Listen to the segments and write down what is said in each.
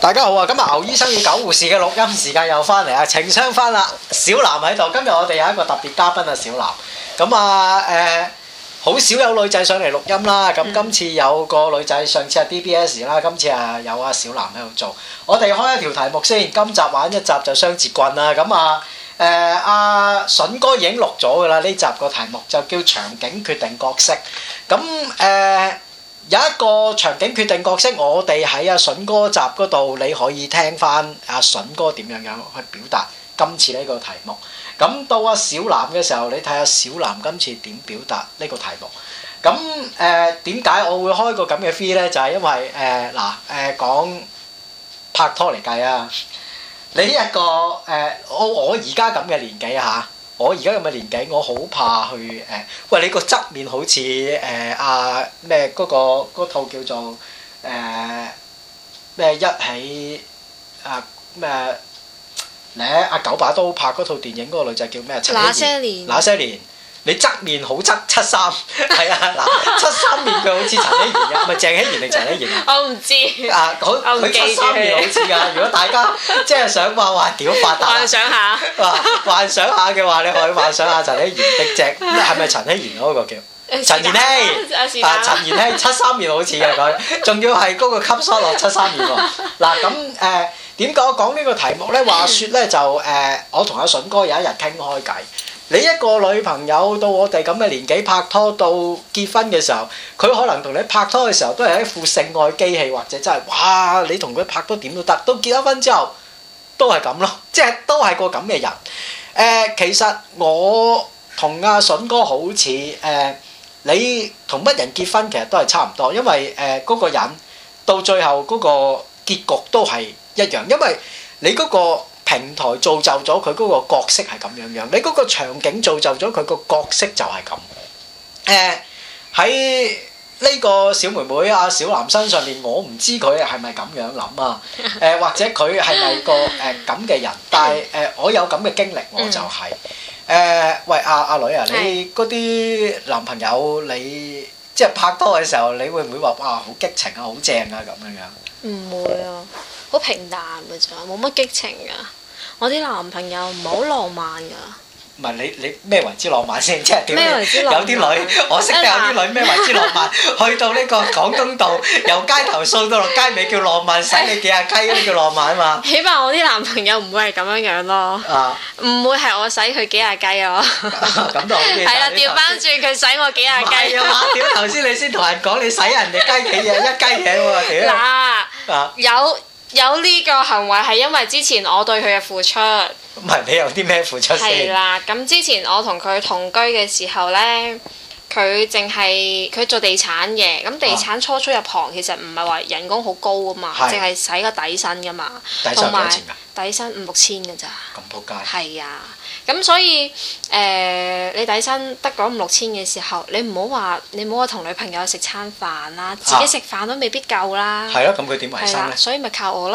大家好啊！今日牛醫生與狗護士嘅錄音時間又翻嚟啦，情商翻啦，小南喺度。今日我哋有一個特別嘉賓啊，小南。咁啊，誒，好少有女仔上嚟錄音啦。咁今次有個女仔，上次係 BBS 啦，今次啊有阿小南喺度做。我哋開一條題目先，今集玩一集就雙截棍啦。咁啊，誒，阿荀哥已經錄咗噶啦。呢集個題目就叫場景決定角色。咁誒。有一個場景決定角色，我哋喺阿筍哥集嗰度，你可以聽翻阿、啊、筍哥點樣樣去表達今次呢個題目。咁到阿小南嘅時候，你睇下小南今次點表達呢個題目。咁誒點解我會開個咁嘅 free 咧？就係、是、因為誒嗱誒講拍拖嚟計啊，你一、這個誒、呃、我我而家咁嘅年紀嚇。啊我而家咁嘅年紀，我好怕去誒、呃。喂，你個側面好似誒阿咩嗰個嗰套，那個，叫做誒咩一起啊咩咧？阿九把刀拍嗰套電影，嗰，那個女仔叫咩？那那些年。你側面好七七三，係啊，七三面嘅好似陳希賢嘅，係咪鄭希賢定陳希賢？我唔知。啊，佢佢七三面好似啊！如果大家即係想話話點發達，幻想下。幻想下嘅話，你可以幻想下陳希賢的正，係咪陳希賢嗰個叫陳妍希？啊，陳妍希七三面好似嘅佢，仲要係嗰個吸沙樂七三面喎。嗱咁誒點講講呢個題目咧？話説咧就誒，我同阿荀哥有一日傾開偈。你一個女朋友到我哋咁嘅年紀拍拖到結婚嘅時候，佢可能同你拍拖嘅時候都係一副性愛機器，或者真係哇，你同佢拍拖點都得。到結咗婚之後都係咁咯，即係都係個咁嘅人。誒、呃，其實我同阿、啊、荀哥好似誒、呃，你同乜人結婚其實都係差唔多，因為誒嗰、呃嗰個人到最後嗰個結局都係一樣，因為你嗰、嗰個。平台造就咗佢嗰個角色係咁樣樣，你嗰個場景造就咗佢個角色就係咁。誒喺呢個小妹妹阿小男生上面，我唔知佢係咪咁樣諗啊？誒或者佢係咪個誒咁嘅人？但係誒我有咁嘅經歷，我就係誒喂阿阿女啊，你嗰啲男朋友你即係拍拖嘅時候，你會唔會話哇，好激情啊，好正啊咁樣樣？唔會啊，好平淡嘅咋，冇乜激情㗎。我啲男朋友唔係好浪漫㗎。唔係你你咩為之浪漫先？即係點？有啲女我識得，有啲女咩為之浪漫？去到呢個廣東道，由街頭送到落街尾叫浪漫，使你幾廿雞呢叫浪漫嘛？起碼我啲男朋友唔會係咁樣樣咯。啊！唔會係我使佢幾廿雞啊。咁都好嘅。係啊，調翻轉佢使我幾廿雞。係啊嘛，屌頭先你先同人講你使人哋雞幾嘢，一雞嘢喎屌。嗱有。有呢個行為係因為之前我對佢嘅付出。唔係你有啲咩付出先？係啦，咁之前我同佢同居嘅時候呢，佢淨係佢做地產嘅，咁地產初初入行、啊、其實唔係話人工好高啊嘛，淨係使個底薪噶嘛，底薪幾多錢㗎？同埋底薪五六千㗎咋。咁仆街。係啊。咁所以誒、呃，你底薪得嗰五六千嘅時候，你唔好話你唔好話同女朋友食餐飯啦，自己食飯都未必夠啦。係咯、啊，咁佢點維生？所以咪靠我咯！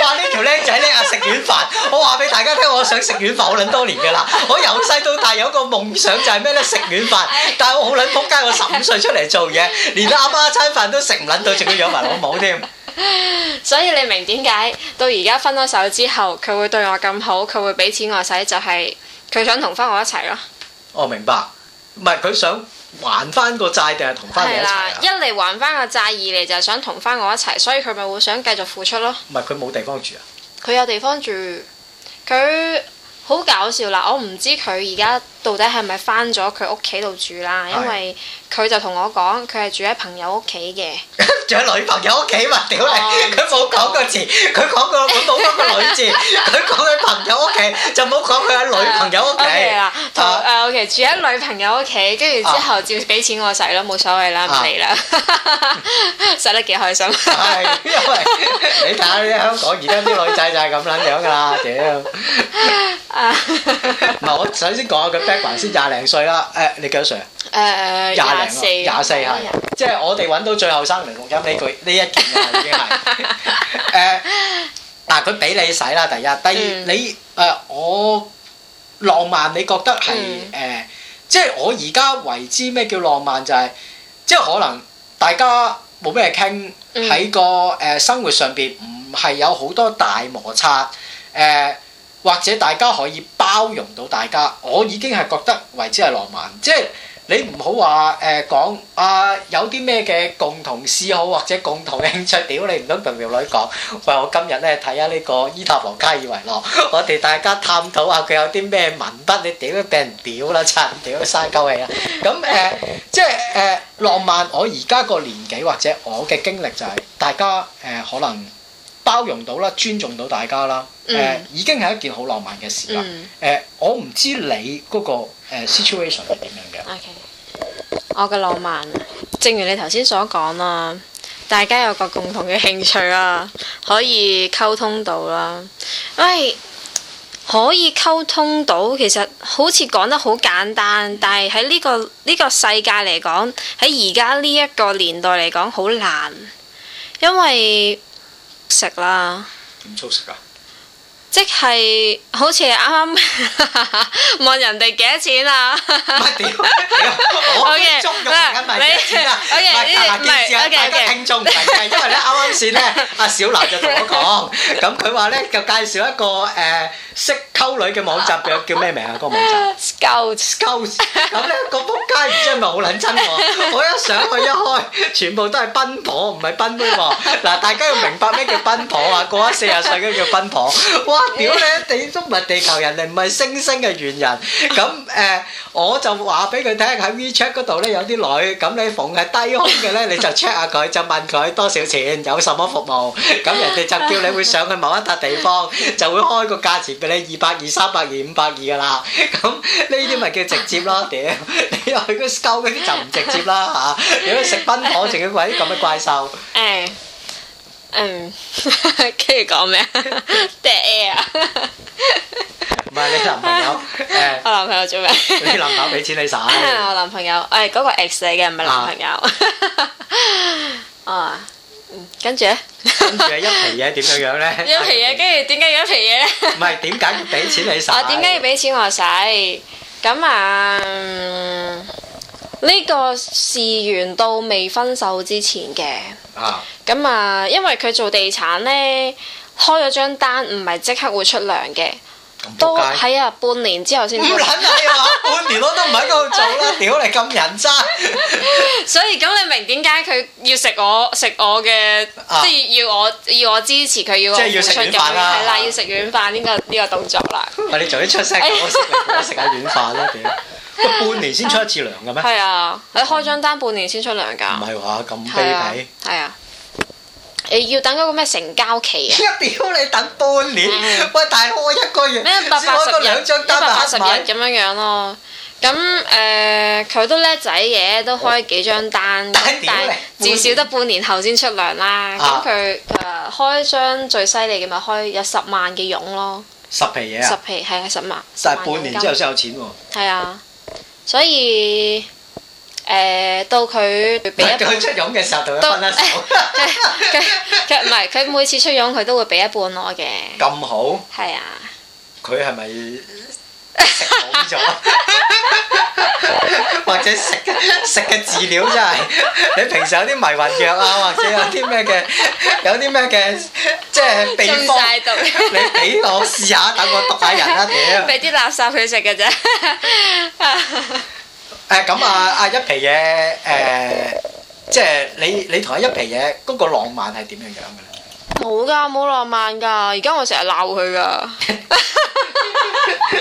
哇！話呢條僆仔叻啊，食軟飯！我話俾大家聽，我想食軟飯好撚多年嘅啦，我由細到大有個夢想就係咩咧？食軟飯，但係我好撚撲街，我十五歲出嚟做嘢，連阿媽一餐飯都食唔撚到，仲要養埋老母添。啊。所以你明點解到而家分咗手之後佢會對我咁好，佢會俾錢我使，就係、是、佢想同返我一齊咯。哦，明白，唔係佢想還返個債定係同返你一齊？係啦，一嚟還返個債，二嚟就係想同返我一齊，所以佢咪會想繼續付出咯。唔係佢冇地方住啊？佢有地方住，佢好搞笑啦！我唔知佢而家。到底係咪翻咗佢屋企度住啦？因為佢就同我講，佢係住喺朋友屋企嘅。住喺女朋友屋企嘛？屌你！佢冇講個字，佢講個佢冇講個女字，佢講佢朋友屋企就冇講佢喺女朋友屋企。同誒，OK 住喺女朋友屋企，跟住之後照俾錢我使咯，冇所謂啦，唔嚟啦，使得幾開心。係因為你睇下香港，而家啲女仔就係咁撚樣噶啦，屌！唔係我首先講下佢。還先廿零歲啦，誒、哎，你幾多歲、呃、多啊？誒，廿四，廿四係，即係我哋揾到最後生嚟錄音呢句呢一件嘢已經係，誒、哎，嗱，佢俾你使啦，第一，第二，嗯、你誒、呃，我浪漫，你覺得係誒、嗯呃，即係我而家為之咩叫浪漫？就係、是，即係可能大家冇咩傾喺個誒、呃、生活上邊，唔係有好多大摩擦，誒、呃。呃或者大家可以包容到大家，我已經係覺得為之係浪漫，即係你唔好話誒講啊有啲咩嘅共同嗜好，或者共同興趣屌，屌你唔通，同條女講。喂，我今日咧睇下呢看看個《伊塔羅卡爾維諾，》 我哋大家探討下佢有啲咩文筆。你屌都俾人屌啦，差，屌都嘥鳩氣啦。咁誒、呃、即係誒、呃、浪漫，我而家個年紀或者我嘅經歷就係、是、大家誒、呃、可能。包容到啦，尊重到大家啦、嗯呃。已經係一件好浪漫嘅事啦、嗯呃。我唔知你嗰個、呃、situation 係點樣嘅。Okay. 我嘅浪漫，正如你頭先所講啦、啊，大家有個共同嘅興趣啦、啊，可以溝通到啦。因為可以溝通到，其實好似講得好簡單，但係喺呢個呢個世界嚟講，喺而家呢一個年代嚟講好難，因為。食啦，點操食啊？即係好似啱啱問人哋幾多錢啊？唔係點？點？我中咁啱咪幾錢啊？唔係唔係幾錢啊？聽眾唔係計，因為咧啱啱先咧，阿小藍就同我講，咁佢話咧就介紹一個誒。識溝女嘅網站叫叫咩名啊？嗰個網站。Scout Scout，咁咧個仆街唔知係咪好撚憎我。我一上去一開，全部都係賓婆唔係賓妹喎！嗱，大家要明白咩叫賓婆啊？過咗四十歲都叫賓婆。哇！屌你你都唔係地球人，唔係星星嘅猿人。咁誒，我就話俾佢聽喺 WeChat 嗰度咧有啲女，咁你逢係低空嘅咧你就 check 下佢，就問佢多少錢，有什麼服務。咁人哋就叫你會上去某一笪地方，就會開個價錢。你二百二三百二五百二㗎喇，咁呢啲咪叫直接咯？屌， 你去嗰收嗰啲就唔直接啦吓，如果食奔跑城嘅位咁嘅怪獸，誒、 哎，嗯、哎，跟住講咩 t h 唔係你男朋友、哎哎、我男朋友做咩？ 你男朋友俾錢你使、哎？我男朋友誒嗰、哎嗰個 x 嚟嘅唔係男朋友 啊。 oh. 嗯，跟住咧，跟住一皮嘢點樣樣咧？ 一皮嘢，啊，跟住點解要一皮嘢，啊、咧？唔係點解要俾錢你使？ 啊，點解要俾錢我使？咁啊，呢、呢個事完到未分手之前嘅，咁啊，啊，因為佢做地產咧，開咗張單唔係即刻會出糧嘅。都係啊，半年之後先唔撚係嘛？半年我都唔喺嗰度做啦，屌你咁人渣！所以咁你明點解佢要食我食我嘅，即係要我要我支持佢要。即係要食軟飯啦！係啦，要食軟飯呢個呢個動作啦。喂，你早啲出聲，我食我食下軟飯啦，屌！半年先出一次糧嘅咩？係啊，你開張單半年先出糧㗎？唔係話咁卑鄙？係啊。誒，要等嗰個咩成交期啊！屌你等半年，嗯、喂，大哥一個月咩？先開到兩張單百八十日咁樣樣、啊、咯。咁誒，佢、呃、都叻仔嘅，都開幾張單，哦但，啊、但係至少得半年後先出糧啦。咁佢誒開張最犀利嘅咪開有十萬嘅佣咯。十皮嘢、啊、十皮係啊，十萬。但係半年之後先有錢喎、啊。係、嗯、啊，所以。誒、呃、到佢俾一，佢出糧嘅時候，同佢分一手。佢唔係，佢每次出糧佢都會俾一半我嘅。咁好？係啊。佢係咪食飽咗？ 或者食食嘅飼料真係？你平時有啲迷魂藥啊，或者有啲咩嘅，有啲咩嘅，即、就、係、是。中曬了毒！ 你俾我試下，等我毒下人啊。屌！俾啲垃圾佢食嘅啫。 誒咁啊！阿一皮嘢誒、啊，即係你你同阿一皮嘢嗰個浪漫係點樣樣㗎咧？冇㗎，冇浪漫㗎。而家我成日鬧佢㗎。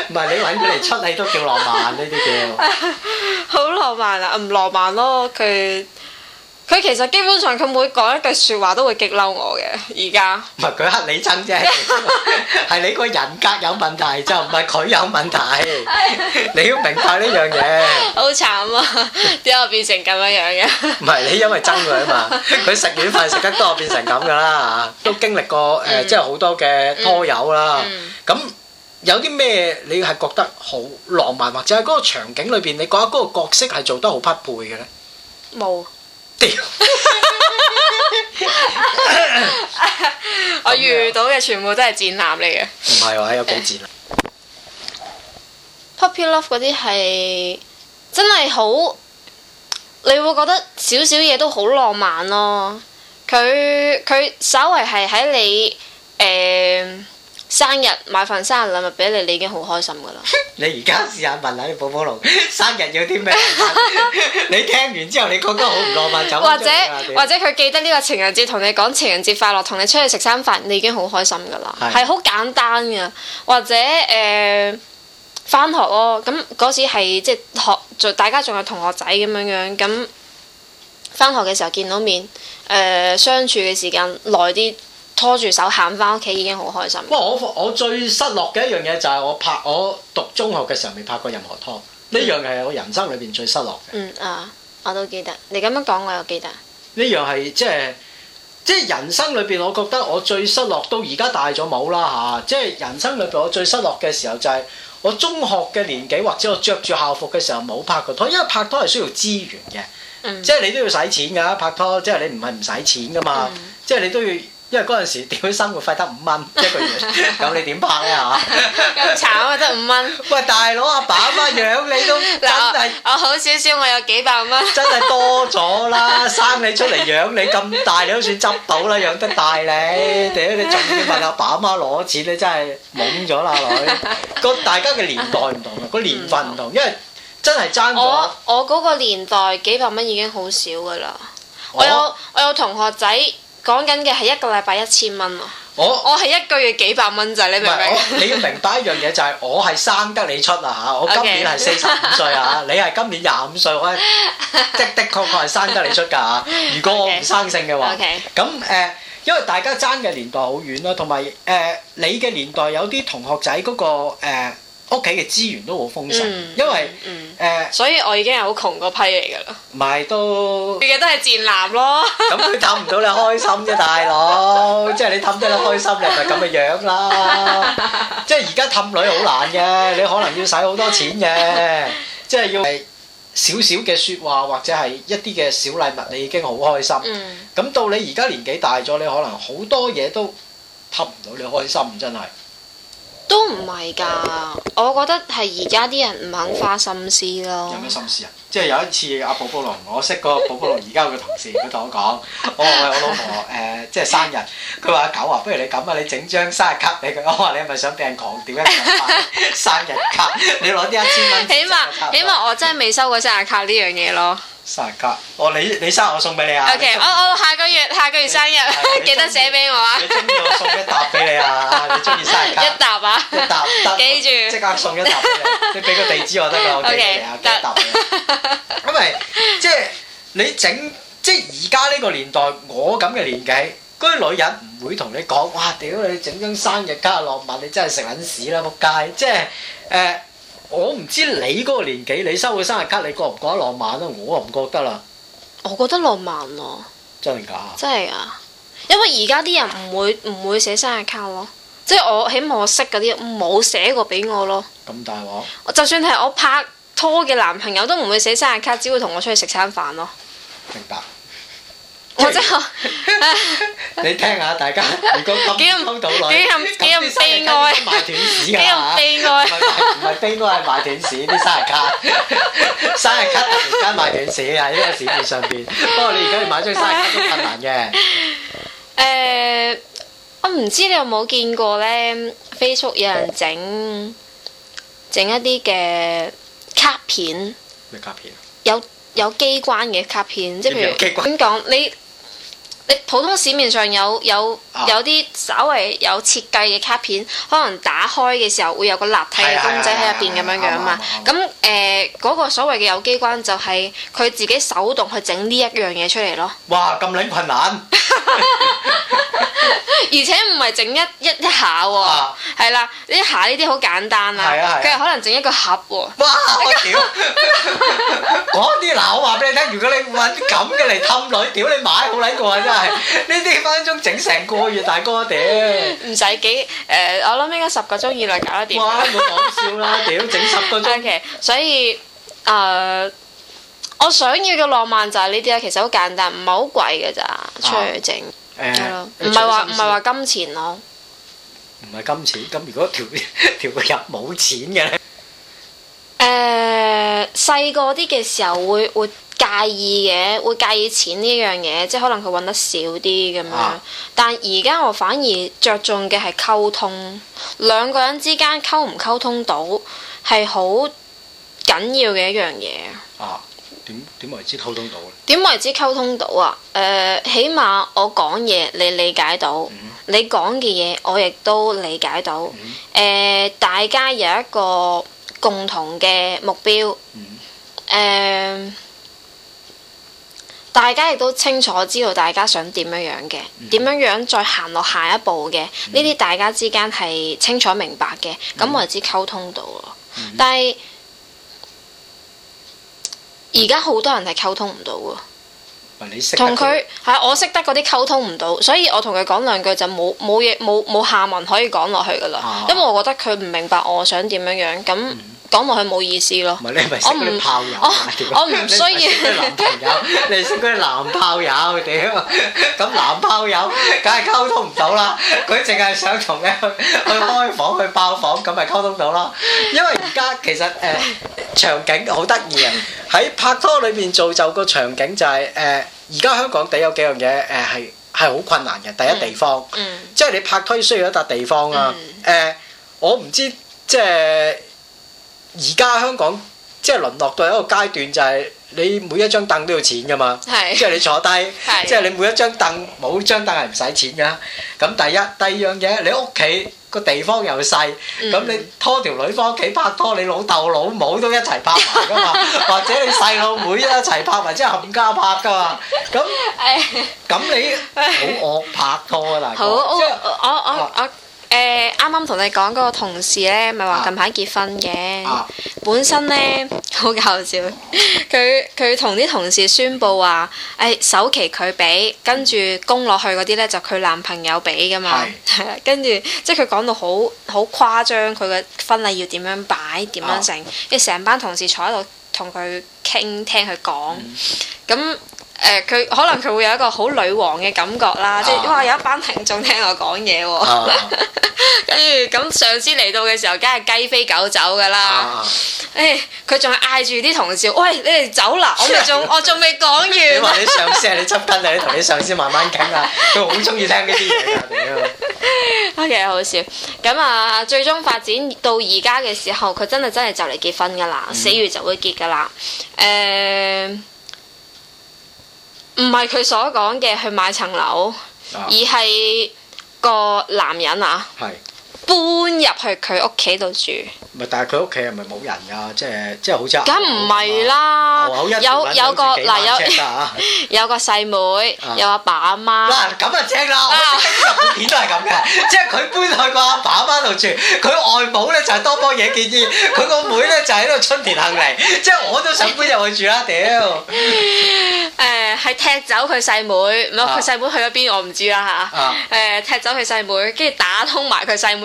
唔 係 你揾佢嚟出嚟都叫浪漫呢啲 叫。 好浪漫啊！唔浪漫咯，佢。佢其實基本上佢每講一句説話都會激嬲我嘅，而家唔係佢黑你真啫，係你個人格有問題就唔係佢有問題，你要明白呢樣嘢。好慘啊！點解我變成咁樣樣嘅？唔係你因為爭佢啊嘛，佢食軟飯食得多變成咁噶啦嚇，都經歷過誒，即係好多嘅拖友啦。咁有啲咩你係覺得好浪漫，或者喺嗰個場景裏邊，你覺得嗰個角色係做得好匹配嘅呢？冇。 我遇到嘅全部都係戰艦嚟嘅。唔係喎，有幾展？Poppy Love 嗰啲係真係好，你會覺得少少嘢都好浪漫咯。佢佢稍為係喺你、嗯生日買份生日禮物俾你，你已經好開心噶啦！ 你而家試下問下你寶寶龍，生日有啲咩？ 你聽完之後，你覺得好唔浪漫？走走或者或者佢記得呢個情人節同你講情人節快樂，同你出去食餐飯，你已經好開心噶啦，係好是簡單噶。或者誒，翻、呃、學咯，咁嗰時係即係學，就大家仲有同學仔咁樣樣咁，翻學嘅時候見到面，誒、呃、相處嘅時間耐啲。拖住手行翻屋企，已經好開心。不過，我我最失落嘅一樣嘢就係我拍我讀中學嘅時候未拍過任何拖，呢樣係我人生裏邊最失落嘅。嗯啊，我都記得。你咁樣講，我又記得。呢樣係即係即係人生裏邊，我覺得我最失落到而家大咗冇啦吓。即、啊、係、即係、人生裏邊，我最失落嘅時候就係我中學嘅年紀或者我着住校服嘅時候冇拍過拖，因為拍拖係需要資源嘅，即係、嗯、你都要使錢噶拍拖，即、就、係、係、你唔係唔使錢噶嘛，嗯、即係你都要。因為嗰陣時屌生活費得五蚊一個月，咁 你點拍咧吓？咁慘啊，得五蚊！喂，大佬阿爸阿媽養你都真係 我好少少，我有幾百蚊。 真係多咗啦，生你出嚟養你咁大，你都算執到啦，養得大你。屌，你仲要問阿爸阿媽攞錢你真係懵咗啦，女。個大家嘅年代唔同，個 年份唔同，因為真係爭咗我我嗰個年代幾百蚊已經好少噶啦，哦、我有我有同學仔。講緊嘅係一個禮拜一千蚊，我我係一個月幾百蚊咋，你明唔明？唔係我，你要明白一樣嘢就係我係生得你出啊嚇！我今年係四十五歲啊 Okay. 你係今年廿五歲，我係的的確確係生得你出㗎嚇、啊。如果我唔生性嘅話，咁誒 Okay. Okay.、呃，因為大家爭嘅年代好遠啦、啊，同埋誒你嘅年代有啲同學仔嗰、嗰個、呃屋企嘅資源都好豐盛，嗯、因為誒，嗯呃、所以我已經係好窮嗰批嚟㗎啦。唔係都，你嘅都係賤男咯。咁佢氹唔到你開心啫， 大佬。即係你氹得你開心，你咪咁嘅樣啦？ 即係而家氹女好難嘅，你可能要使好多錢嘅，即係要少少嘅説話或者係一啲嘅小禮物，你已經好開心。咁、嗯、到你而家年紀大咗，你可能好多嘢都氹唔到你開心，真係。都唔係㗎，我覺得係而家啲人唔肯花心思咯。有咩心思啊？即係有一次阿寶寶龍，我識個寶寶龍，而家有個同事佢同 我講，我話我老婆誒、呃、即係生日，佢話阿九啊，不如你咁啊，你整張生日卡俾佢。我話你係咪想病狂？點解 生日卡？你攞啲一千蚊。起碼起碼，我真係未收過生日卡呢樣嘢咯。 生日卡，哦你你生日我送俾你啊！O K，我我下個月下個月生日，記得寫俾我啊！你中意我送一沓俾你啊！你中意生日卡一沓啊？一沓，記住，即刻送一沓俾你，你俾個地址我得啦，O K，一沓。因為即係你整，即係而家呢個年代，我咁嘅年紀，嗰啲女人唔會同你講，哇！屌你整張生日卡浪漫，你真係食撚屎啦撲街！即係誒。我唔知你嗰個年紀，你收佢生日卡你覺唔覺得浪漫啊？我啊唔覺得啦。我覺得浪漫咯，啊。真定假？真係啊！因為而家啲人唔會唔會寫生日卡咯，即係我起碼我識嗰啲，冇寫過俾我咯。咁大鑊？就算係我拍拖嘅男朋友都唔會寫生日卡，只會同我出去食餐飯咯。明白。我真係，你聽下大家，幾咁荒島內，幾咁幾咁悲哀，幾咁悲哀，唔係悲哀，係賣斷市啲生日卡，生日卡突然間賣斷市喺呢個市面上邊，不過你而家要買張生日卡都困難嘅。誒，我唔知你有冇見過咧，Facebook 有人整整一啲嘅卡片。咩卡片啊？有有機關嘅卡片，即係譬如點講你？普通市面上有有有啲稍為有設計嘅卡片，可能打開嘅時候會有個立體嘅公仔喺入邊咁樣、啊啊啊啊、樣嘛。咁誒嗰個所謂嘅有機關就係佢自己手動去整呢一樣嘢出嚟咯。哇！咁撚困難。 而且唔係整一一一下喎，係啦呢下呢啲好簡單啦，佢可能整一個盒喎。哇！我屌，講啲嗱，我話俾你聽，如果你搵咁嘅嚟氹女，屌你買好抵過啊！真係呢啲分分鐘整成個月，大哥屌。唔使幾誒，我諗應該十個鐘以內搞得掂。哇！唔好講笑啦，屌整十個鐘。所以誒，我想要嘅浪漫就係呢啲啦，其實好簡單，唔係好貴嘅咋，出去整。誒，唔係話唔係話金錢咯。唔係金錢，咁 如果條條個入冇錢嘅咧？誒，細個啲嘅時候會會介意嘅，會介意錢呢樣嘢，即係可能佢揾得少啲咁樣。啊、但而家我反而着重嘅係溝通，兩個人之間溝唔溝通到係好緊要嘅一樣嘢。啊點點為之溝通到呢？點為之溝通到啊？呃、起碼我講嘢你理解到，mm hmm. 你講嘅嘢我亦都理解到、mm hmm. 呃。大家有一個共同嘅目標。Mm hmm. 呃、大家亦都清楚知道大家想點樣樣嘅，點樣、mm hmm. 樣再行落下一步嘅呢啲，mm hmm. 大家之間係清楚明白嘅，咁為之溝通到咯、啊。Mm hmm. 但係。而家好多人係溝通唔到喎，同佢係我識得嗰啲溝通唔到，所以我同佢講兩句就冇冇嘢冇冇下文可以講落去㗎喇，啊、因為我覺得佢唔明白我想點樣樣咁。嗯講落去冇意思咯。唔係，你係咪識嗰啲炮友？我唔需要男朋友，你識嗰啲男炮友佢哋啊嘛！咁男炮友梗係溝通唔到啦。佢淨係想同你去去開房去爆房，咁咪溝通到啦。因為而家其實誒、呃、場景好得意啊！喺拍拖裏面做就個場景就係誒而家香港地有幾樣嘢誒係係好困難嘅第一地方，嗯嗯、即係你拍拖需要一笪地方啊！誒、嗯呃、我唔知即係。而家香港即係淪落到一個階段，就係你每一張凳都要錢噶嘛。即係你坐低，即係你每一張凳冇張凳係唔使錢噶。咁第一、第二樣嘢，你屋企個地方又細，咁你拖條女翻屋企拍拖，你老豆老母都一齊拍埋噶嘛，或者你細佬妹一齊拍埋，即係冚家拍噶嘛。咁咁你好惡拍拖啊？嗱，好，我我我。啱啱同你講，嗰個同事咧，咪話近排結婚嘅。啊、本身咧、啊、好搞笑，佢佢同啲同事宣布話，誒、哎、首期佢俾，跟住供落去嗰啲咧就佢男朋友俾噶嘛，跟住、啊、 即係佢講到好好誇張，佢嘅婚禮要點樣擺，點樣成。跟住成班同事坐喺度同佢傾，聽佢講，咁、嗯。嗯誒，佢可能佢會有一個好女王嘅感覺啦，ah. 即係哇有一班聽眾聽我講嘢喎，跟住咁上司嚟到嘅時候，梗係雞飛狗走噶啦，誒，佢仲係嗌住啲同事，喂你哋走啦，我咪仲我仲未講完。 你話你上司係你出筆定你同你上司慢慢傾啊？佢好中意聽呢啲嘢㗎，屌！Okay, 好笑。咁啊，最終發展到而家嘅時候，佢真係真係就嚟結婚㗎啦，mm. 四月就會結㗎啦，誒、欸。唔係佢所講嘅去買層樓，啊、而係個男人啊。係。搬入去佢屋企度住，唔係，但係佢屋企係咪冇人㗎？即係即係好即係，梗唔係啦，有有個嗱，有有個細妹，有阿爸阿媽。嗱咁就正啦，片都係咁嘅，即係佢搬去個阿爸阿媽度住，佢外母咧就係多幫嘢建議，佢個妹咧就喺度春田行嚟，即係我都想搬入去住啦屌！誒係踢走佢細妹，唔係，佢細妹去咗邊我唔知啦嚇。誒踢走佢細妹，跟住打通埋佢細妹。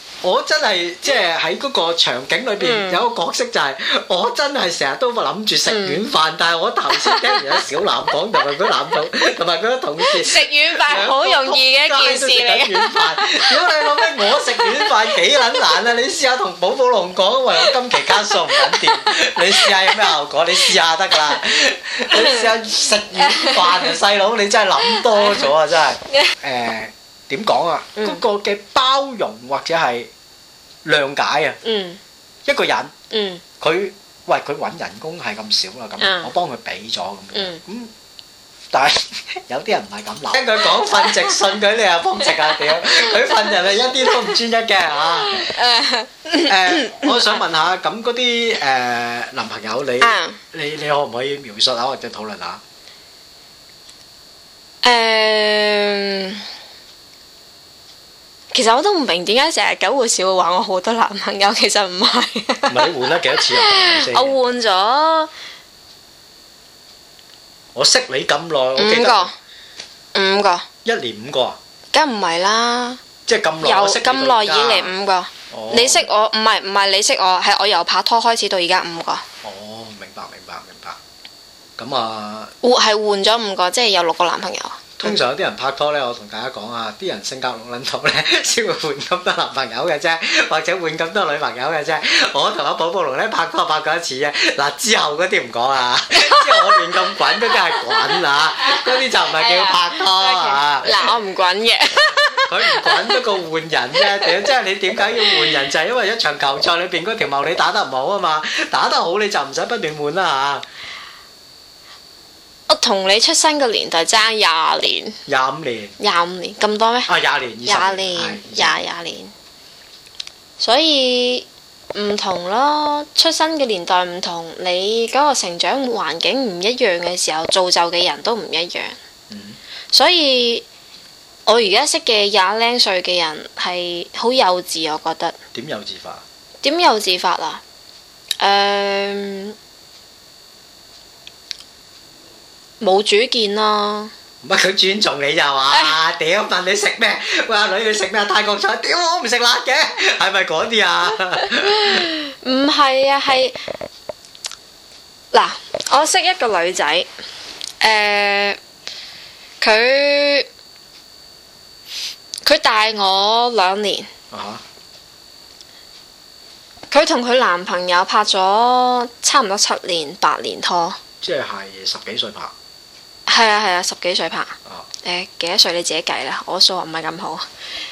我真係即係喺嗰個場景裏邊有個角色就係我真係成日都諗住食軟飯，但係我頭先聽完小南講同埋嗰個南總同埋嗰個同事，食軟飯好容易嘅一件事嚟嘅。如果你諗起，我食軟飯幾撚難啊？你試下同寶寶龍講，喂，我今期加數唔撚掂，你試下有咩效果？你試下得㗎啦。你試下食軟飯啊，細佬，你真係諗多咗啊！真係誒。點講啊？嗰個嘅包容或者係諒解啊，一個人，佢喂佢搵人工係咁少啦，咁我幫佢俾咗咁，咁但係有啲人唔係咁諗。聽佢講瞓直，信佢你又瞓直啊？屌！佢份人係一啲都唔專一嘅嚇。誒，我想問下，咁嗰啲誒男朋友，你你你可唔可以描述下或者討論下？誒。其實我都唔明點解成日九會少會話我好多男朋友，其實唔係。唔 係，你換咗幾多次啊？ 我換咗了。我識你咁耐，我記得。五個。五個。一年五個啊？梗唔係啦。即係咁耐，有我識咁耐以嚟五個。哦、你識我？唔係唔係你識我？係我由拍拖開始到而家五個。哦，明白明白明白。咁啊。換係換咗五個，即係有六個男朋友。通常有啲人拍拖呢，我同大家講啊，啲人性格冇撚同呢，先會換咁多男朋友嘅啫，或者換咁多女朋友嘅啫。我同阿寶寶龍呢，拍拖拍過一次啫，嗱之後嗰啲唔講啊，之後， 之後我亂咁滾都真係滾啊，嗰啲就唔係叫拍拖、哎、okay，啊。嗱 okay, 我唔滾嘅， 佢唔滾都個換人啫，即係你點解要換人就係因為一場球賽裏邊嗰條茂利打得唔好啊嘛，打得好你就唔使不斷換啦。我同你出生嘅年代爭廿年，廿五年，廿五年咁多咩？廿年，廿、啊、年，廿廿年。年哎、所以唔同咯，出生嘅年代唔同，你嗰個成長環境唔一樣嘅時候，造就嘅人都唔一樣。嗯、所以，我而家識嘅廿零歲嘅人係好幼稚，我覺得。點幼稚法？點幼稚法啊？誒、嗯。冇主見咯，唔係佢尊重你就話，啊，屌唉問你食咩？喂，阿女你食咩泰國菜，屌我唔食辣嘅，係咪嗰啲啊？唔係 啊，係嗱，我識一個女仔，誒、呃，佢佢大我兩年，佢同佢男朋友拍咗差唔多七年八年拖，即係係十幾歲拍。係啊係啊，十幾歲拍，誒、oh. 哎、幾多歲你自己計啦，我數學唔係咁好。誒、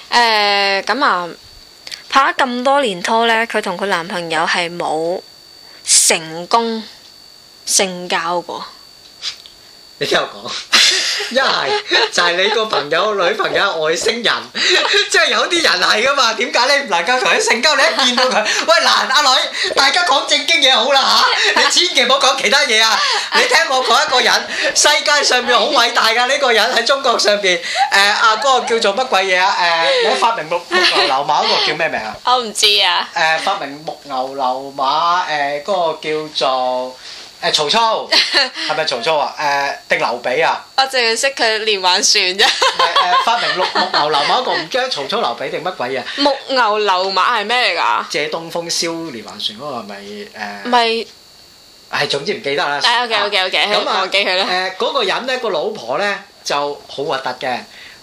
哎、咁啊，拍咗咁多年拖呢，佢同佢男朋友係冇成功性交過。你聽我講。一係就係你個朋友女朋友外星人，即係有啲人係噶嘛？點解咧？你唔能夠同佢性交？你一見到佢，喂，嗱，阿女，大家講正經嘢好啦吓，你千祈唔好講其他嘢啊！你聽我講一個人，世界上面好偉大噶呢個人喺中國上邊，誒，嗰個叫做乜鬼嘢啊？誒，你發明木木牛流馬嗰個叫咩名啊？我唔知啊。誒，發明木牛流馬誒，嗰個叫做。誒，曹操係咪曹操啊？誒、呃，定劉備啊？我淨係識佢連環船啫。誒 發明木木牛流馬嗰、那個唔知曹操劉備定乜鬼啊？木牛流馬係咩噶？借東風燒連環船嗰個係咪誒？咪、呃、係米、哎，總之唔記得啦。OK OK OK，咁我忘記佢啦。誒、呃，嗰、那個人咧，個老婆咧就好核突嘅，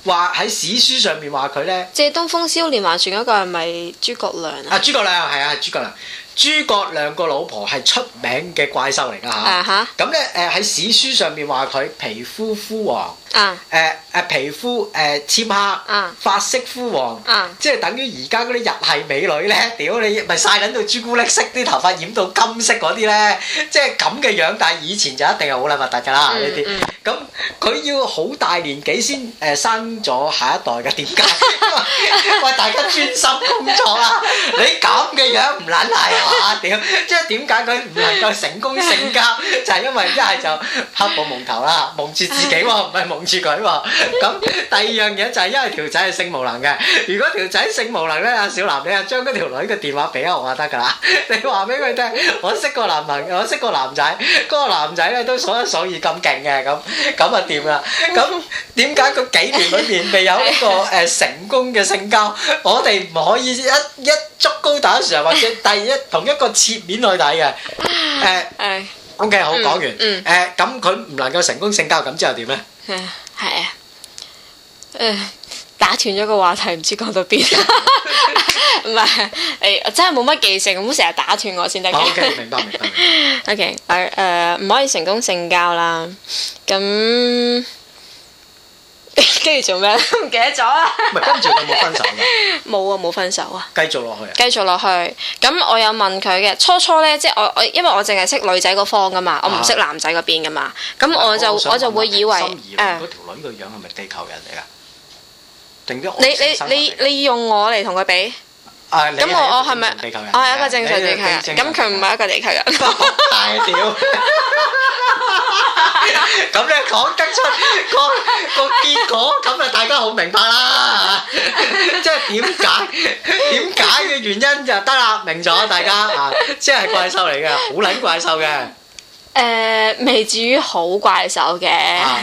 話喺史書上面話佢咧。借東風燒連環船嗰個係咪諸葛亮啊？啊，諸葛亮係啊，諸葛亮。諸葛亮個老婆係出名嘅怪獸嚟㗎嚇，咁咧誒，喺史書上面話佢皮膚枯黃，誒誒，皮膚誒黐黑，髮色枯黃，即係等於而家嗰啲日系美女咧，屌你咪晒緊到朱古力色啲頭髮染到金色嗰啲咧，即係咁嘅樣，但係以前就一定係好撚核突㗎啦呢啲，咁佢要好大年紀先誒生咗下一代嘅，點解？喂，大家專心工作啊！你咁嘅樣唔撚係哇屌！即係點解佢唔能夠成功性交？就係因為一係就黑布蒙頭啦，蒙住自己喎，唔係蒙住佢喎。咁第二樣嘢就係因為條仔係性無能嘅。如果條仔性無能咧，阿小南你啊將嗰條女嘅電話俾我就得㗎啦。你話俾佢聽，我識個男朋，我識個男仔，嗰個男仔咧都數一數二咁勁嘅咁，咁啊掂啦。咁點解佢幾年裏面未有一個誒成功嘅性交？我哋唔可以一一捉高打上啊，或者第一。同一個切面去睇嘅，誒，OK，好，講完，誒，咁佢唔能夠成功性交咁之後點咧，係啊，誒，打斷咗個話題，唔知講到邊，唔係，誒，真係冇乜記性，咁成日打斷我先得嘅。OK，明白，明白。OK，誒，唔可以成功性交啦，咁。 跟住做咩都唔記得咗啊！唔係，跟住有冇分手？冇啊，冇分手啊。繼續落去啊。繼續落去。咁我有問佢嘅初初呢，即係我我，因為我淨係識女仔嗰方㗎嘛，我唔識男仔嗰邊㗎嘛。咁、啊、我就我，我就會以為誒。條、嗯、女個樣係咪地球人嚟㗎你？你你你你用我嚟同佢比。咁我我係咪我係一個正常地球人？咁佢唔係一個地球人。太屌不！咁 你講得出講，嗰個， 個結果，咁就大家好明白啦。即係點解？點解嘅原因就得啦，明咗大家啊！即係怪獸嚟嘅，好撚怪獸嘅。誒，呃，未至於好怪獸嘅。啊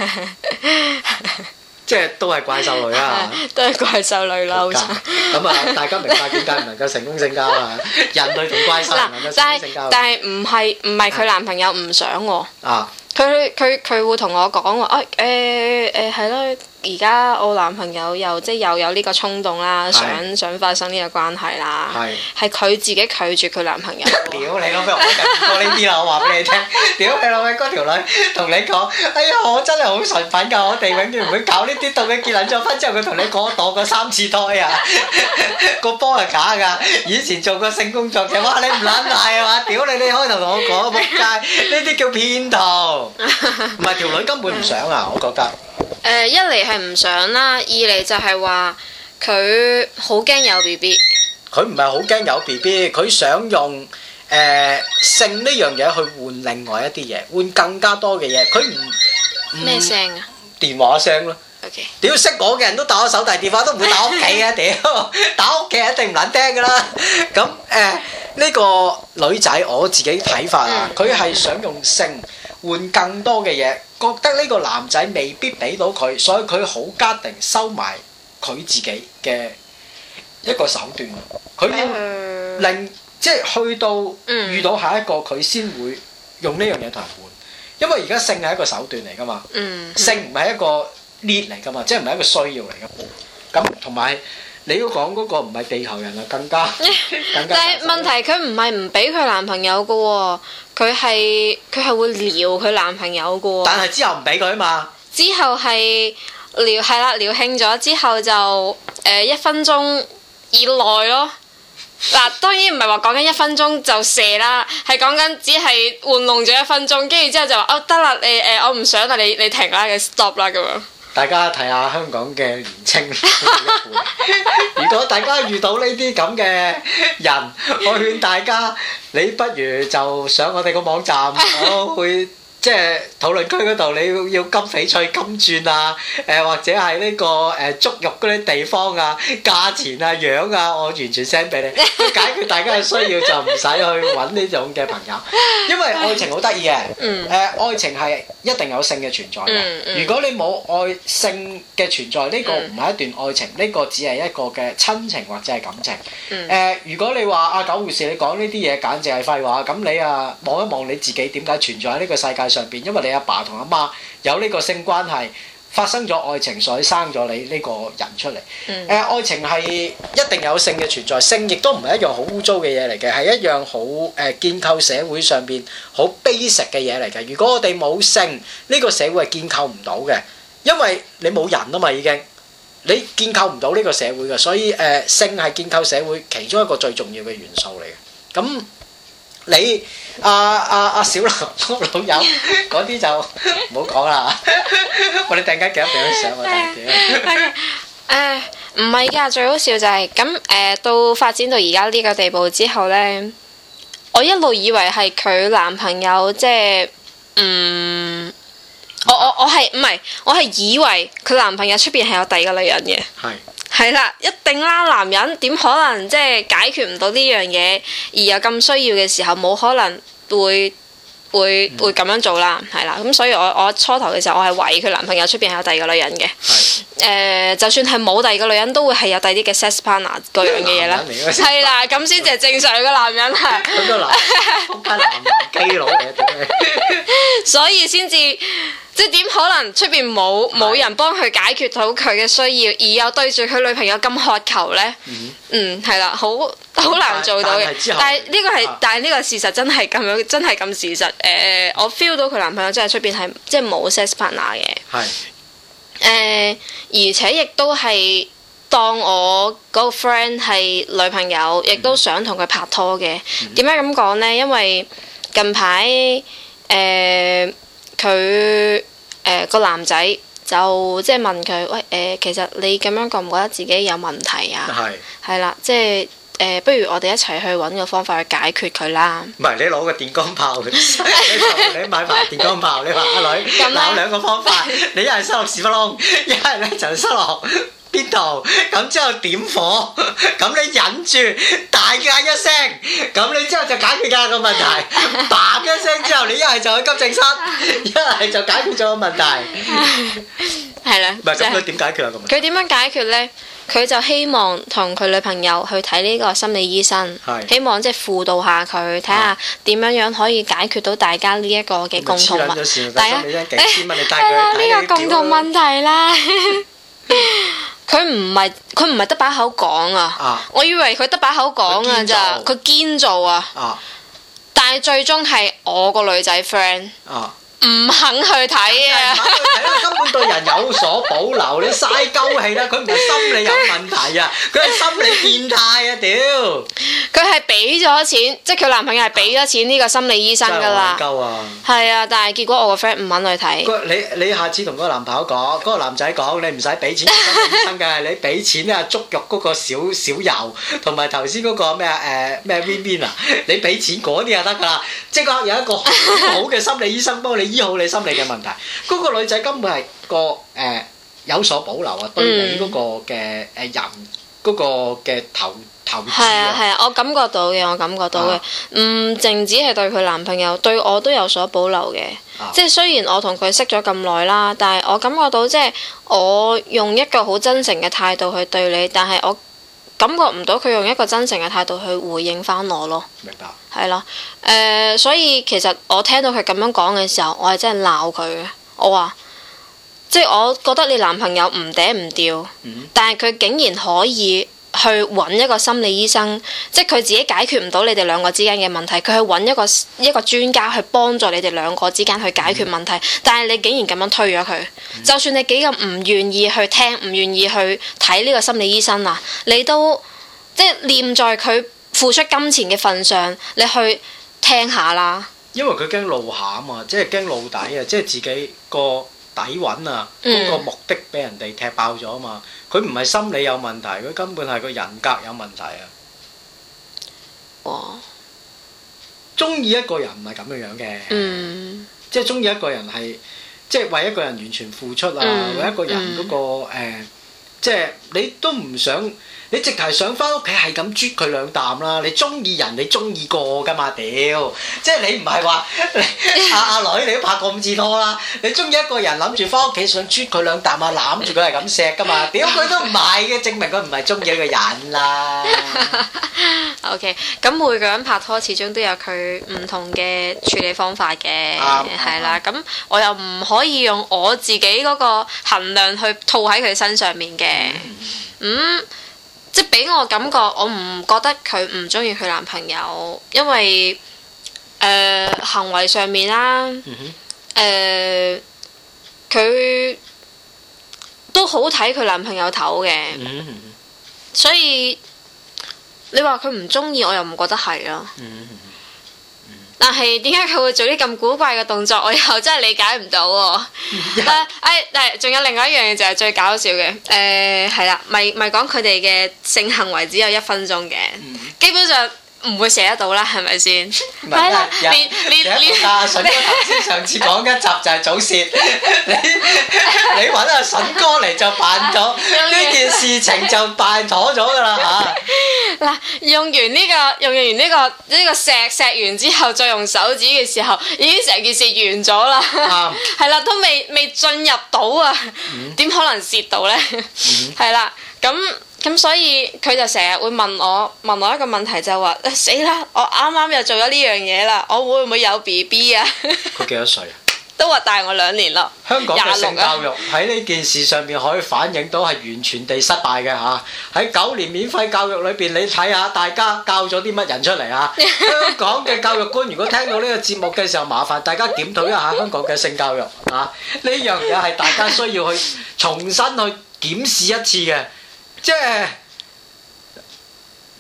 即係都係怪獸女啦，啊啊，都係怪獸女啦～好咁何 啊，大家明白點解唔能夠成功性交啊？ 人類同怪獸唔能夠成功性交，啊啊。但係唔係唔係佢男朋友唔想喎。啊！啊佢佢佢會同我講話，誒誒誒係咯，而家我男朋友又即係又有呢個衝動啦，想想發生呢個關係啦，係是，係佢自己拒絕佢男朋友 屌。屌你老味，我開緊呢啲啦，我話俾你聽，屌你老味嗰條女同你講，哎呀我真係好純品㗎、啊，我哋永遠唔會搞呢啲到嘅，結論咗婚之後佢同你講墮過三次胎啊，個波係假㗎，以前做過性工作嘅，哇你唔撚係啊嘛？屌你你開頭同我講撲街，呢啲叫騙徒。唔係條女根本唔想啊，我覺得。誒，一嚟係唔想啦，二嚟就係話佢好驚有 B B。佢唔係好驚有 B B，佢想用誒性呢樣嘢去換另外一啲嘢，換更加多嘅嘢。佢唔咩聲啊？電話聲咯。O K。屌識我嘅人都打我手提電話，都唔會打屋企啊！屌打屋企一定唔撚聽噶啦。咁誒呢個女仔我自己睇法啊，佢係想用性，換更多嘅嘢，覺得呢個男仔未必俾到佢，所以佢好家定收埋佢自己嘅一個手段。佢要令即係去到遇到下一個，佢先會用呢樣嘢同人換，因為而家性係一個手段嚟噶嘛，嗯嗯、性唔係一個 need 嚟噶嘛，即係唔係一個需要嚟噶嘛。咁同埋你要講嗰個唔係地球人啊，更加更加。但係 問題佢唔係唔俾佢男朋友噶喎，哦。佢係佢係會撩佢男朋友噶，但係之後唔俾佢啊嘛之。之後係撩，係、呃、 啦，撩興咗之後就誒一分鐘以內咯。嗱、哦，當然唔係話講緊一分鐘就射啦，係講緊只係玩弄咗一分鐘，跟住之後就話哦得啦，你誒、呃、我唔想啦，你你停啦，你 stop 啦咁樣。大家睇下香港嘅年青人，如果大家遇到呢啲咁嘅人，我勸大家，你不如就上我哋個網站，我去。即係討論區嗰度，你要要金翡翠、金鑽啊，誒或者係呢個誒足浴嗰啲地方啊，價錢啊、樣啊，我完全 send 俾你，解決大家嘅需要就唔使去揾呢種嘅朋友，因為愛情好得意嘅，誒愛情係一定有性嘅存在嘅，如果你冇愛性嘅存在，呢個唔係一段愛情，呢個只係一個嘅親情或者係感情。誒如果你話阿九護士你講呢啲嘢簡直係廢話，咁你啊望一望你自己點解存在喺呢個世界上？上邊，因為你阿爸同阿媽有呢個性關係，發生咗愛情，所以生咗你呢個人出嚟。誒、嗯呃，愛情係一定有性嘅存在，性亦都唔係一樣好污糟嘅嘢嚟嘅，係一樣好誒、呃、建構社會上邊好 basic 嘅嘢嚟嘅。如果我哋冇性，呢、這個社會係建構唔到嘅，因為你冇人啊嘛已經，你建構唔到呢個社會嘅。所以誒、呃，性係建構社會其中一個最重要嘅元素嚟嘅。咁你？阿阿阿小林老，老友嗰啲就唔好講啦，我哋突然間夾唔到上啊！突然間，唉，唔係㗎，最好笑就係咁誒，uh, 到發展到而家呢個地步之後呢，我一路以為係佢男朋友即係、就是、嗯，我我我係唔係我係以為佢男朋友出邊係有第二個女人嘅係。係啦，一定啦，男人點可能即係解決唔到呢樣嘢，而又咁需要嘅時候，冇可能會。會會咁樣做啦，係啦，咁所以我我初頭嘅時候，我係懷疑佢男朋友出邊係有第二個女人嘅。係的。誒、呃，就算係冇第二個女人，都會係有第二啲嘅 sex partner 嗰樣嘅嘢啦。係啦，咁先至係正常嘅男人係。咁個男基佬嚟。所以先至，即係點可能出邊冇冇人幫佢解決到佢嘅需要，而又對住佢女朋友咁渴求咧？嗯，係啦、 嗯，好。好難做到嘅，但係呢個係，啊、但係呢個事實真係咁樣，真係咁事實。誒、呃，我 feel 到佢男朋友真係出邊係即係冇 sex partner 嘅。係是、呃。而且亦都係當我嗰個 friend 係女朋友，亦、嗯、都想同佢拍拖嘅。點解咁講呢？因為近排佢誒個男仔就即係問佢：喂，誒、呃，其實你咁樣覺唔覺得自己有問題啊？係是。係啦，即、就、係、是。誒，不如我哋一齊去揾個方法去解決佢啦。唔係你攞個電光炮，你買埋電光炮，你話阿女攪兩個方法，你一係塞落屎忽窿，一係咧就塞落邊度，咁之後點火，咁你忍住大嗌一聲，咁你之後就解決㗎個問題，砰一聲之後，你一係就去急症室，一係就解決咗個問題，係啦。唔係咁佢點解決啊個問題？佢點樣解決呢？佢就希望同佢女朋友去睇呢個心理醫生，希望即係輔導下佢，睇下點樣樣可以解決到大家呢一個嘅共同物。第一，呢個共同問題啦，佢唔係佢唔係得把口講啊。我以為佢得把口講啊，咋佢堅做啊。但係最終係我個女仔 friend。唔肯去睇啊！唔肯去睇啦，根本對人有所保留，你嘥鳩氣啦！佢唔係心理有問題啊，佢係心理變態啊屌！佢係俾咗錢，即係佢男朋友係俾咗錢呢個心理醫生㗎啦。鳩啊！係啊，但係結果我個 friend 唔肯去睇。個你你下次同嗰個男朋友講，嗰個男仔講，你唔使俾錢心理醫生㗎，係你俾錢啊足浴嗰個小小油同埋頭先嗰個咩誒咩邊邊啊，你俾錢嗰啲就得㗎啦。即刻有一個好嘅心理醫生幫你。醫好你心理嘅問題，嗰、嗰個女仔根本係個誒、呃、有所保留啊！對你嗰個嘅誒人嗰、嗯、個嘅投投資啊，係啊，係啊，我感覺到嘅，我感覺到嘅，唔淨止係對佢男朋友，對我都有所保留嘅。啊、即係雖然我同佢識咗咁耐啦，但係我感覺到即係我用一個好真誠嘅態度去對你，但係我，感覺唔到佢用一個真誠嘅態度去回應返我咯，明白係咯，呃，所以其實我聽到佢咁樣講嘅時候，我係真係鬧佢嘅，我話即係我覺得你男朋友唔嗲唔吊，嗯，但係佢竟然可以去揾一個心理醫生，即係佢自己解決唔到你哋兩個之間嘅問題，佢去揾一個一個專家去幫助你哋兩個之間去解決問題。嗯、但係你竟然咁樣推咗佢，嗯、就算你幾咁唔願意去聽，唔願意去睇呢個心理醫生啊，你都即係念在佢付出金錢嘅份上，你去聽下啦。因為佢驚露下啊嘛，即係驚露底，底啊，即係自己個底蘊啊，個目的俾人哋踢爆咗啊嘛。佢唔係心理有問題，佢根本係個人格有問題啊！哦哇，中意一個人唔係咁嘅樣嘅，嗯、即係中意一個人係即係為一個人完全付出啊，嗯、為一個人嗰、嗰個即係、嗯呃即係、你都唔想。你直頭想翻屋企係咁啜佢兩啖啦！你中意人你、e，你中意過㗎嘛？屌！即係你唔係話阿阿女，你都拍過五次拖啦！你中意一個人，諗住翻屋企想啜佢兩啖啊，攬住佢係咁錫㗎嘛？屌，佢都唔係嘅，證明佢唔係中意一個人啦。O K，咁每個人拍拖始終都有佢唔同嘅處理方法嘅，係啦。咁我又唔可以用我自己嗰個衡量去套喺佢身上面嘅，嗯。即俾我感覺，我唔覺得佢唔中意佢男朋友，因為誒、呃、行為上面啦，誒佢、嗯哼呃、都好睇佢男朋友頭嘅，嗯、哼所以你話佢唔中意，我又唔覺得係囉。嗯但係點解佢會做啲咁古怪嘅動作？我又真係理解唔到喎。啦、 uh, 哎，誒、哎、誒，仲有另外一樣嘢就係最搞笑嘅，誒係啦，咪咪講佢哋嘅性行為只有一分鐘嘅，基本上。唔會射得到啦，係咪先？唔係，你你你，但係荀哥頭先上次講一集就係早洩， 你你揾個荀哥嚟就辦咗呢件事情就辦妥咗㗎啦嚇。嗱、哦，用完呢、呢個用完呢、呢個呢、呢個呢個錫，錫完之後，再用手指嘅時候，已經成件事完咗啦，係啦、啊， 都未未進入到啊，點可能蝕到咧？係啦、嗯，咁。嗯嗯 嗯咁所以佢就成日會問我問我一個問題，就話死啦！我啱啱又做咗呢樣嘢啦，我會唔會有 BB 啊？佢幾多歲啊？都話大我兩年咯。香港嘅性教育喺呢件事上面可以反映到係完全地失敗嘅嚇。喺九年免費教育裏邊，你睇下大家教咗啲乜人出嚟啊？香港嘅教育官如果聽到呢個節目嘅時候，麻煩大家檢討一下香港嘅性教育啊。呢樣嘢係大家需要去重新去檢視一次嘅。即係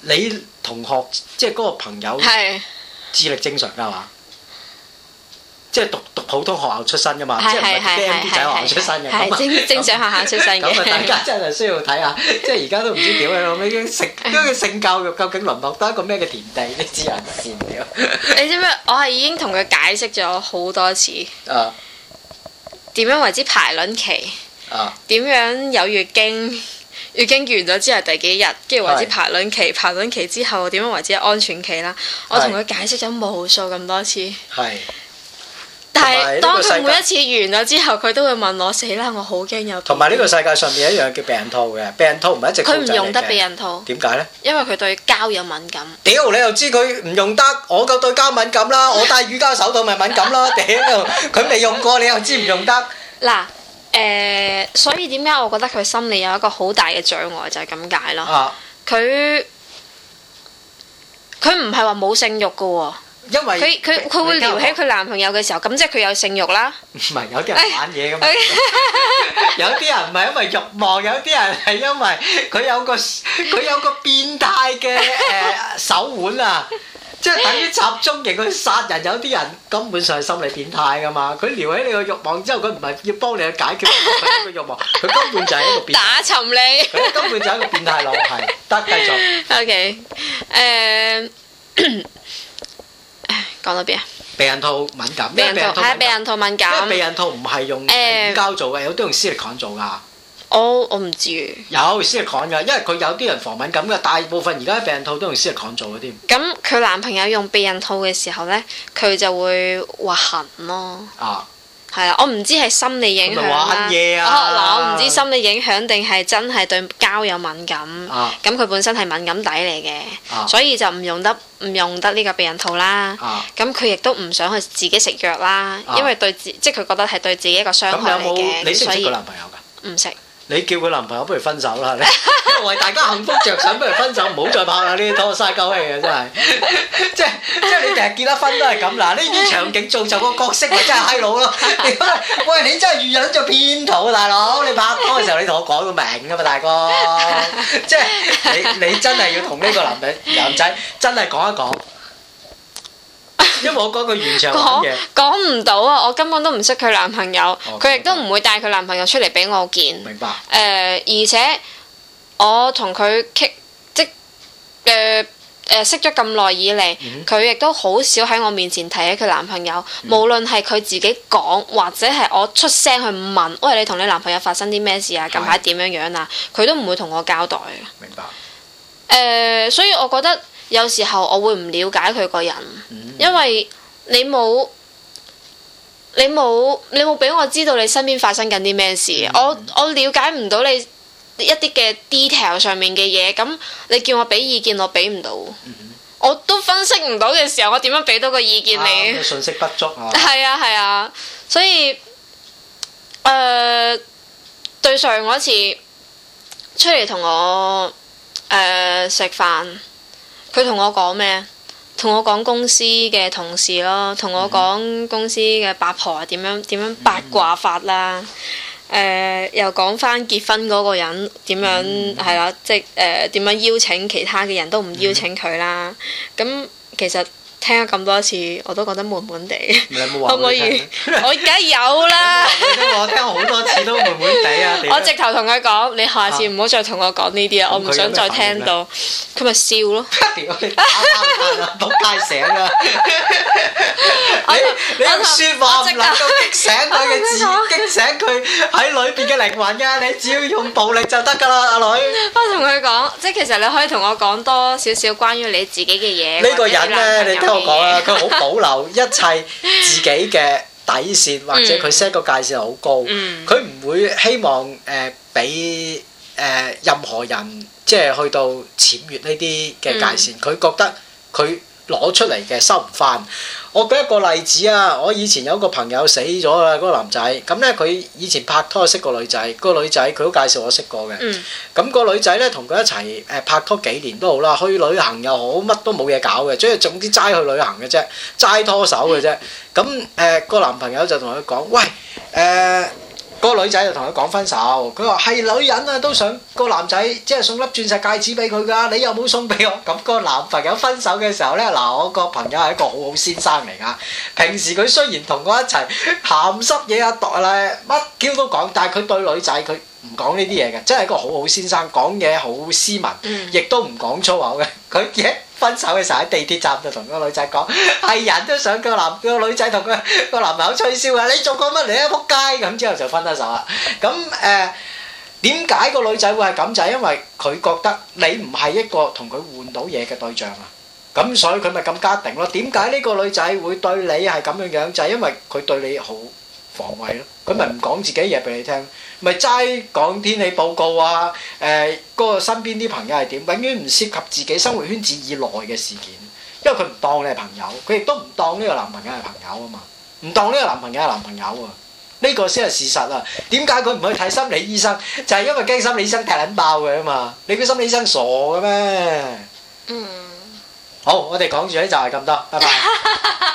你同學，即係嗰個朋友，是智力正常㗎嘛？即係讀讀普通學校出身㗎嘛？是即係唔係驚啲仔女學校出身嘅。係是麼正正常學校出身嘅。咁啊，大家真係需要睇下，即係而家都唔知點樣咩嘢性，性教育究竟淪落到一個咩嘅田地？知你知人善你知唔知？我係已經同佢解釋咗好多次。啊。點樣為之排卵期？啊。點樣有月經？已經完咗之後第幾日，跟住為之排卵期，是排卵期之後點樣為之安全期啦？我同佢解釋咗無數咁多次，是但係是當佢每一次完咗之後，佢都會問我：死啦，我好驚有。同埋呢個世界上面一樣叫避孕套嘅，避孕套唔係一直佢唔用得避孕套？點解呢？因為佢對膠有敏感。屌，你又知佢唔用得？我夠對膠敏感啦，我戴乳膠手套咪敏感啦！屌，佢未用過，你又知唔用得？嗱。 誒、呃，所以點解我覺得佢心理有一個好大嘅障礙就係咁解咯。佢佢唔係話冇性慾㗎喎、哦，因為佢佢佢會撩起佢男朋友嘅時候，咁明即係佢有性慾啦。唔係，有啲人玩嘢㗎嘛，哎、 有啲人唔係因為慾望，有啲人係因為佢有個佢有個變態嘅誒、呃、手腕啊。即係等於集中營去殺人，有啲人根本上係心理變態㗎嘛！佢撩起你個慾望之後，佢唔係要幫你去解決，你個慾望，佢根本就係一個打沉你。佢根本就係一個變態囉，係得繼續。OK，誒，講到邊啊？避孕套敏感。咩避孕套敏感？因為避孕套唔係用膠做嘅，有啲用 silicone 做㗎。我我唔知。有絲綿杆噶，因為佢有啲人防敏感噶，大部分而家嘅避孕套都用絲綿杆做嘅添。咁佢男朋友用避孕套嘅時候咧，佢就會話痕咯。啊，係啦，我唔知係心理影響啦。啊，嗱，我唔知心理影響定係真係對膠有敏感。啊，咁佢本身係敏感底嚟嘅。啊，所以就唔用得唔用得呢個避孕套啦。啊，咁佢亦都唔想去自己食藥啦，啊，因為對自即係佢覺得係對自己一個傷害嘅。咁有冇你識唔識佢男朋友㗎？唔識。你叫佢男朋友，不如分手啦！你 為大家幸福着想，不如分手，唔好再拍啦！呢啲多嘥鳩氣啊，真係， 即係即係你成日結咗婚都係咁啦，呢啲場景造就個角色，我真係閪佬咯！喂，你真係遇人就騙徒呀大佬，你拍拖嘅時候你同我講個名㗎嘛，大哥，即係你你真係要同呢個男仔男仔真係講一講。 因為我講佢完全講講唔到啊！我根本都唔識佢男朋友，佢亦、哦 okay，都唔會帶佢男朋友出嚟俾我見。明白、呃。而且我同佢即誒、呃呃、識咗咁耐以嚟，佢亦、嗯、哼都好少喺我面前提起佢男朋友。嗯、哼無論係佢自己講，或者係我出聲去問，喂，你同你男朋友發生啲咩事啊？近排點樣樣啊？佢的都唔會同我交代嘅白、呃。所以我覺得。有時候我會唔了解佢個人，嗯、因為你冇你冇你冇俾我知道你身邊發生緊啲咩事，嗯、我我了解唔到你一啲嘅 detail 上面嘅嘢，咁你叫我俾意見，我俾唔到，嗯、我都分析唔到嘅時候，我點樣俾到個意見你？啊、信息不足啊！係啊係啊，啊，所以誒、呃、對上嗰次出嚟同我誒食、呃、飯。佢同我講咩？同我講公司嘅同事咯，同我講公司嘅八婆點樣點樣八卦法啦。誒、嗯呃，又講返結婚嗰個人點樣係、嗯、啦，即係誒點樣邀請其他嘅人都唔邀請佢啦。咁、嗯、其實。聽咗咁多次，我都覺得悶悶地。可唔可以？我而家有啦。因為我聽好多次都悶悶地啊！我直頭同佢講：你下次唔好再同我講呢啲啊！我唔想再聽到。佢咪笑咯。屌，啱醒㗎。你你用説話唔能夠激醒佢嘅智，激醒佢喺裏邊嘅靈魂啊！你只要用暴力就得㗎啦，阿女。我同佢講，即係其實你可以同我講多少少關於你自己嘅嘢。呢個人咧，你我講啦，佢好保留一切自己嘅底線，或者佢 set 個界線好高，佢唔會希望誒俾誒任何人即係 trucs 去到僭越呢啲嘅界線，佢覺得佢。攞出嚟嘅收唔返。我舉一個例子啊，我以前有個朋友死咗啦，嗰、那個男仔。咁呢，佢以前拍拖識個女仔、那個女仔，個女仔佢都介紹我識過嘅。咁、嗯、個女仔呢，同佢一齊拍拖幾年都好啦，去旅行又好，乜都冇嘢搞嘅，即係總之齋去旅行嘅啫，齋拖手嘅啫。咁誒、嗯、個男朋友就同佢講：喂，呃個女仔就同佢講分手，佢話，係女人啊都想個男仔即係送粒鑽石戒指俾佢㗎，你又冇送俾我。咁 narratives 個男朋友分手嘅時候呢，嗱，我個朋友係一個好好先生嚟㗎。平時佢雖然同我一齊鹹濕嘢啊，讀啊咧乜 Q 都講，但係佢對女仔佢唔講呢啲嘢嘅，真係一個好好先生，講嘢好斯文，亦都唔講粗口嘅。佢 嘅形象。分手嘅時候喺地鐵站就同個女仔講，係人都想個男個女仔同佢個男朋友吹簫啊！你做過乜嚟啊？仆街！咁之後就分咗手啦。咁，誒，點解個女仔會係咁，就係因為佢覺得你唔係一個同佢換到嘢嘅對象啊。咁所以佢咪咁家定咯。點解呢個女仔會對你係咁樣樣，就係因為佢對你好防衞咯。佢咪唔講自己嘢俾你聽。咪齋講天氣報告啊！誒，嗰個身邊啲朋友係點？永遠唔涉及自己生活圈子以內嘅事件，因為佢唔當你係朋友，佢亦都唔當呢個男朋友係朋友啊嘛！唔當呢個男朋友係男朋友啊！呢個先係事實啊！點解佢唔去睇心理醫生？就係因為驚心理醫生踢撚爆佢啊嘛！你估心理醫生傻嘅咩？嗯，好，我哋講住呢，就係咁多，拜拜。